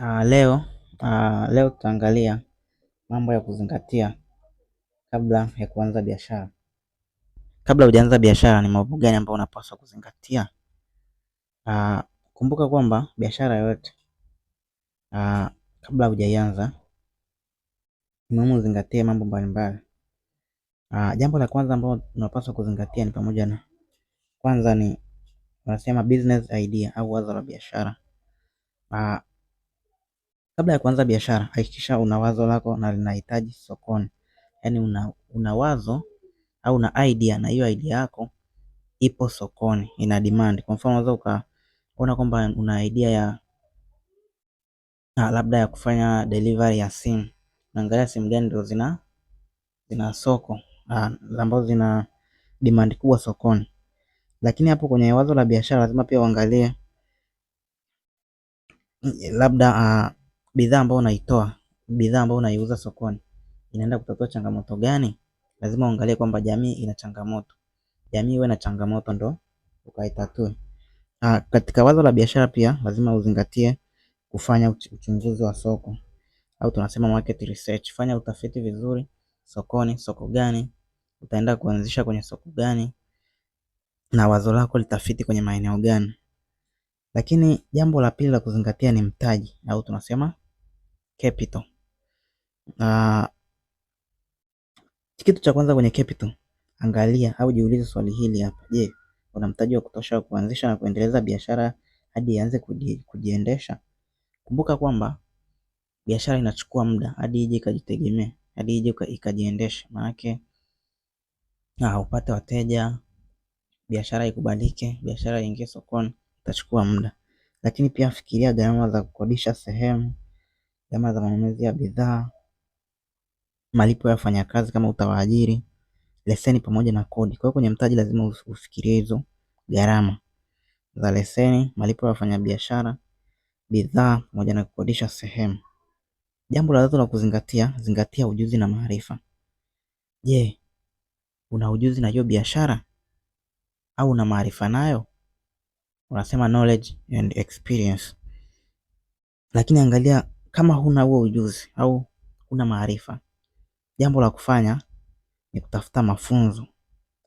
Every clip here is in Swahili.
Uh, Leo uh, leo tutaangalia mambo ya kuzingatia kabla ya kuanza biashara. Kabla hujaanza biashara, ni mambo gani ambayo unapaswa kuzingatia? Uh, kumbuka kwamba biashara yoyote uh, kabla hujaianza ni muhimu uzingatie mambo mbalimbali. Uh, jambo la kwanza ambalo unapaswa kuzingatia ni pamoja na kwanza ni wanasema business idea au wazo la biashara. Uh, Kabla ya kuanza biashara, hakikisha una wazo lako na linahitaji sokoni. Yaani una, una wazo au una idea na hiyo idea yako ipo sokoni ina demand. Kwa mfano unaweza ukaona kwamba una idea ya labda ya kufanya delivery ya simu. Unaangalia simu gani ndio zina zina soko ambazo zina demand kubwa sokoni. Lakini hapo kwenye wazo la biashara lazima pia uangalie labda ah, bidhaa ambayo unaitoa, bidhaa ambayo unaiuza sokoni inaenda kutatua changamoto gani? Lazima uangalie kwamba jamii ina changamoto, jamii iwe na changamoto ndo ukaitatue. Ah, katika wazo la biashara pia lazima uzingatie kufanya uchunguzi wa soko au tunasema market research. Fanya utafiti vizuri sokoni, soko gani utaenda kuanzisha kwenye soko gani, na wazo lako litafiti kwenye maeneo gani. Lakini jambo la pili la kuzingatia ni mtaji au tunasema capital. Na kitu cha kwanza kwenye capital, angalia au jiulize swali hili hapa. Je, una mtaji wa kutosha wa kuanzisha na kuendeleza biashara hadi ianze kujiendesha? Kumbuka kwamba biashara inachukua muda hadi ije ikajitegemea, hadi ije ikajiendesha. Maanake na upate wateja, biashara ikubalike, biashara iingie sokoni, itachukua muda. Lakini pia fikiria gharama za kukodisha sehemu, gharama za manunuzi ya bidhaa, malipo ya wafanyakazi kama utawaajiri, leseni pamoja na kodi. Kwa hiyo kwenye mtaji lazima ufikirie hizo gharama za leseni, malipo ya wafanyabiashara, bidhaa pamoja na kukodisha sehemu. Jambo la tatu la kuzingatia, zingatia ujuzi na maarifa. Je, una ujuzi na hiyo biashara au una maarifa nayo? Unasema knowledge and experience. Lakini angalia kama huna huo ujuzi au huna maarifa, jambo la kufanya ni kutafuta mafunzo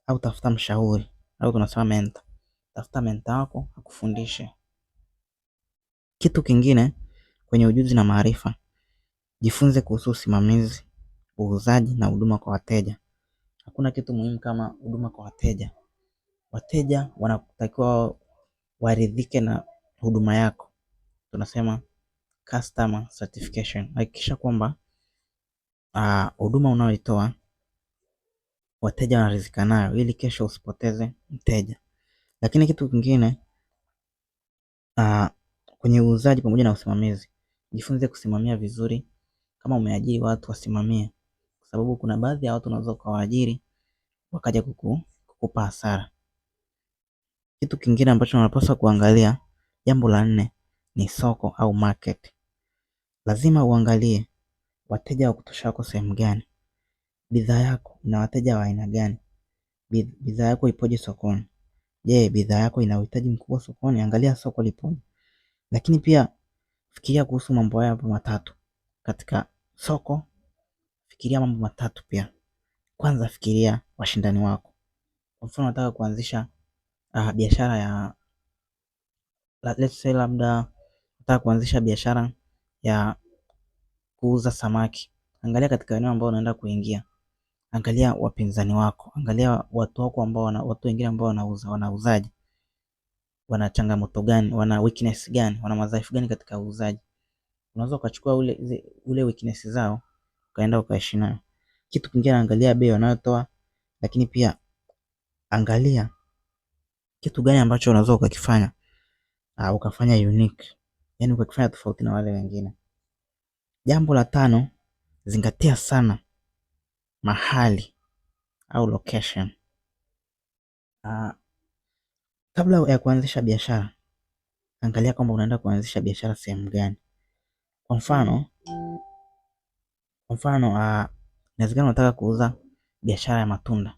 au tafuta mshauri au tunasema mentor. Tafuta mentor wako akufundishe. Kitu kingine kwenye ujuzi na maarifa, jifunze kuhusu usimamizi, uuzaji na huduma kwa wateja. Hakuna kitu muhimu kama huduma kwa wateja. Wateja wanatakiwa waridhike na huduma yako, tunasema customer certification. Hakikisha kwamba ah, huduma uh, unaoitoa wateja wanaridhika nayo, ili kesho usipoteze mteja. Lakini kitu kingine uh, kwenye uuzaji pamoja na usimamizi, jifunze kusimamia vizuri. Kama umeajiri watu wasimamie, kwa sababu kuna baadhi ya watu unaweza ukawaajiri wakaja kuku, kukupa hasara. Kitu kingine ambacho unapaswa kuangalia, jambo la nne, ni soko au market lazima uangalie wateja wa kutosha wako sehemu gani, bidhaa yako ina wateja wa aina gani, bidhaa yako ipoje sokoni. Je, bidhaa yako ina uhitaji mkubwa sokoni? Angalia soko lipoje. Lakini pia fikiria kuhusu mambo haya matatu katika soko. Fikiria mambo matatu pia. Kwanza fikiria washindani wako. Kwa mfano nataka kuanzisha uh, biashara ya let's say labda nataka kuanzisha biashara ya kuuza samaki. Angalia katika eneo ambao unaenda kuingia, angalia wapinzani wako, angalia watu wako ambao wana, watu wengine ambao wanauza wanauzaji, wana changamoto gani, wana weakness gani, wana madhaifu gani katika uuzaji. Unaweza ukachukua ule ule weakness zao ukaenda ukaishi nayo. Kitu kingine, angalia bei wanayotoa, lakini pia angalia kitu gani ambacho unaweza ukakifanya, uh, ukafanya unique yani ukakifanya tofauti na wale wengine. Jambo la tano, zingatia sana mahali au location. Uh, kabla ya kuanzisha biashara angalia kwamba unaenda kuanzisha biashara sehemu gani. Kwa mfano kwa mfano uh, unataka kuuza biashara ya matunda.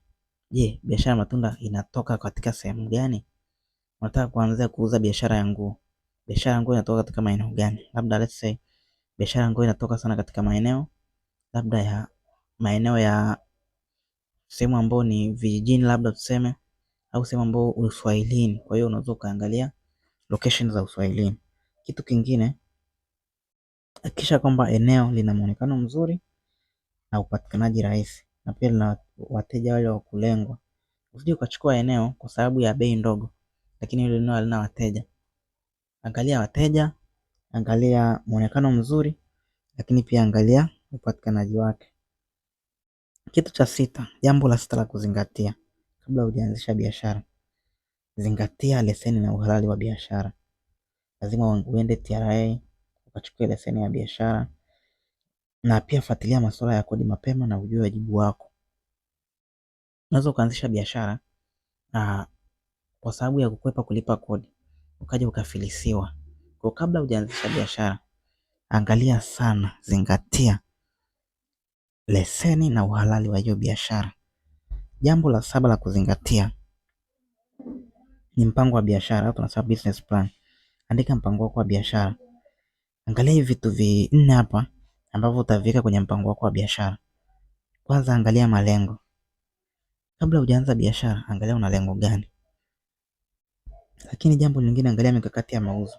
Je, biashara ya matunda inatoka katika sehemu gani? Unataka kuanzia kuuza biashara ya nguo, biashara ya nguo inatoka katika maeneo gani? Labda let's say biashara ya nguo inatoka sana katika maeneo labda ya maeneo ya sehemu ambayo ni vijijini, labda tuseme, au sehemu ambayo uswahilini. Kwa hiyo unaweza ukaangalia location za uswahilini. Kitu kingine, hakikisha kwamba eneo lina muonekano mzuri na upatikanaji rahisi, na pia lina wateja wale wa kulengwa. Usije ukachukua eneo kwa sababu ya bei ndogo, lakini ile eneo halina wateja angalia wateja, angalia mwonekano mzuri, lakini pia angalia upatikanaji wake. Kitu cha sita, jambo la sita la kuzingatia kabla hujaanzisha biashara, zingatia leseni na uhalali wa biashara. Lazima uende TRA ukachukue leseni ya biashara, na pia fuatilia masuala ya kodi mapema na ujue wajibu wako. Unaweza ukaanzisha biashara na ah, kwa sababu ya kukwepa kulipa kodi ukaja ukafilisiwa. Kwa kabla hujaanzisha biashara, angalia sana, zingatia leseni na uhalali wa hiyo biashara. Jambo la saba la kuzingatia ni mpango wa biashara, tunasema business plan. Andika mpango wako wa biashara, angalia hivi vitu vinne hapa ambavyo utaviweka kwenye mpango wako wa biashara. Kwanza angalia malengo. Kabla hujaanza biashara, angalia una lengo gani. Lakini jambo lingine, angalia mikakati ya mauzo.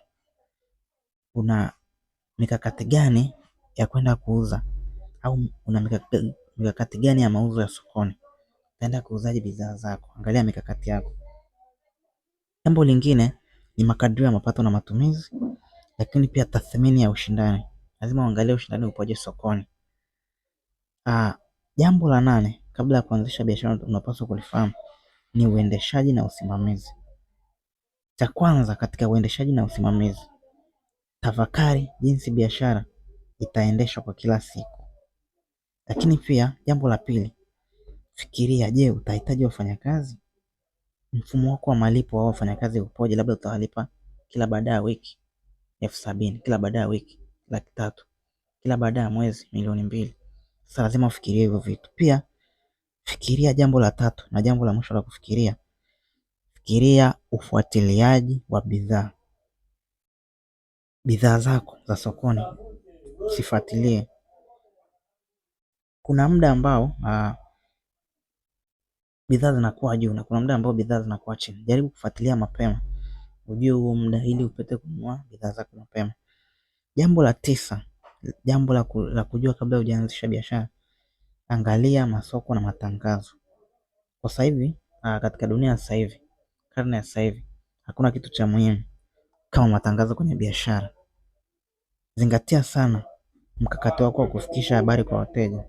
Una mikakati gani ya kwenda kuuza au una mikakati gani ya mauzo ya sokoni? Utaenda kuuzaje bidhaa zako? Angalia mikakati yako. Jambo lingine ni makadirio ya mapato na matumizi, lakini pia tathmini ya ushindani. Lazima uangalie ushindani upoje sokoni. Ah, jambo la nane, kabla ya kuanzisha biashara unapaswa kulifahamu ni uendeshaji na usimamizi. Cha kwanza katika uendeshaji na usimamizi, tafakari jinsi biashara itaendeshwa kwa kila siku. Lakini pia jambo la pili, fikiria, je, utahitaji wafanyakazi? Mfumo wako wa malipo wa wafanyakazi upoje? Labda utawalipa kila baada ya wiki elfu sabini, kila baada ya wiki laki tatu, kila baada ya mwezi milioni mbili. Sasa lazima ufikirie hivyo vitu. Pia fikiria jambo la tatu na jambo la mwisho la kufikiria Fikiria ufuatiliaji wa bidhaa bidhaa zako za sokoni usifuatilie. Kuna muda ambao ah, bidhaa zinakuwa juu na kuna muda ambao bidhaa zinakuwa chini. Jaribu kufuatilia mapema ujue huo muda ili upate kununua bidhaa zako mapema. Jambo la tisa, jambo la kujua kabla hujaanzisha biashara, angalia masoko na matangazo. Kwa sasa hivi ah, katika dunia ya sasa hivi karne ya sasa hivi hakuna kitu cha muhimu kama matangazo kwenye biashara. Zingatia sana mkakati wako wa kufikisha habari kwa wateja.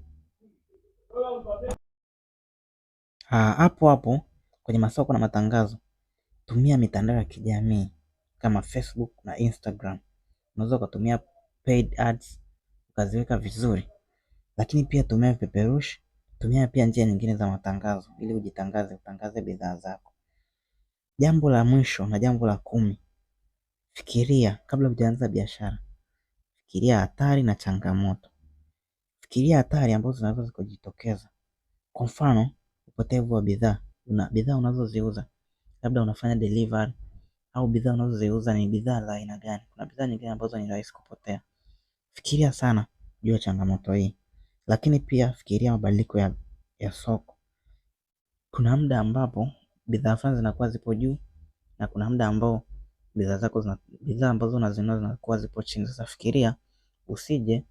Ah, hapo hapo kwenye masoko na matangazo, tumia mitandao ya kijamii kama Facebook na Instagram. Unaweza ukatumia paid ads ukaziweka vizuri, lakini pia tumia vipeperushi, tumia pia njia nyingine za matangazo ili ujitangaze, utangaze bidhaa zako. Jambo la mwisho na jambo la kumi, fikiria kabla hujaanza biashara. Fikiria hatari na changamoto. Fikiria hatari ambazo zinaweza zikajitokeza. Kwa mfano, upotevu wa bidhaa. Una bidhaa unazoziuza, labda unafanya delivery au bidhaa unazoziuza ni bidhaa za aina gani? Kuna bidhaa nyingine ambazo ni rahisi kupotea. Fikiria sana juu ya changamoto hii, lakini pia fikiria mabadiliko ya, ya soko. Kuna muda ambapo bidhaa fulani zinakuwa zipo juu na kuna muda ambao bidhaa zako zina bidhaa ambazo unazinunua zinakuwa zipo chini. Sasa fikiria usije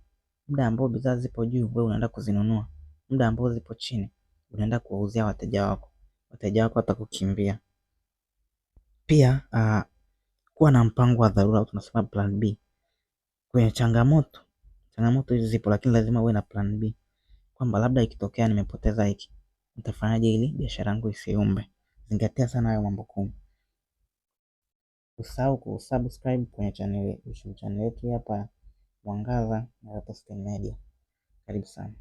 muda ambao bidhaa zipo juu wewe unaenda kuzinunua, muda ambao zipo chini unaenda kuwauzia wateja wako, wateja wako watakukimbia. Pia uh, kuwa na mpango wa dharura tunasema plan B kwenye changamoto. Changamoto hizi zipo, lakini lazima uwe na plan B kwamba labda ikitokea nimepoteza hiki nitafanyaje ili biashara yangu isiumbe. Zingatia sana hayo mambo kumi. Usahau kusubscribe kwenye channel yetu hapa Mwangaza na Media. Karibu sana.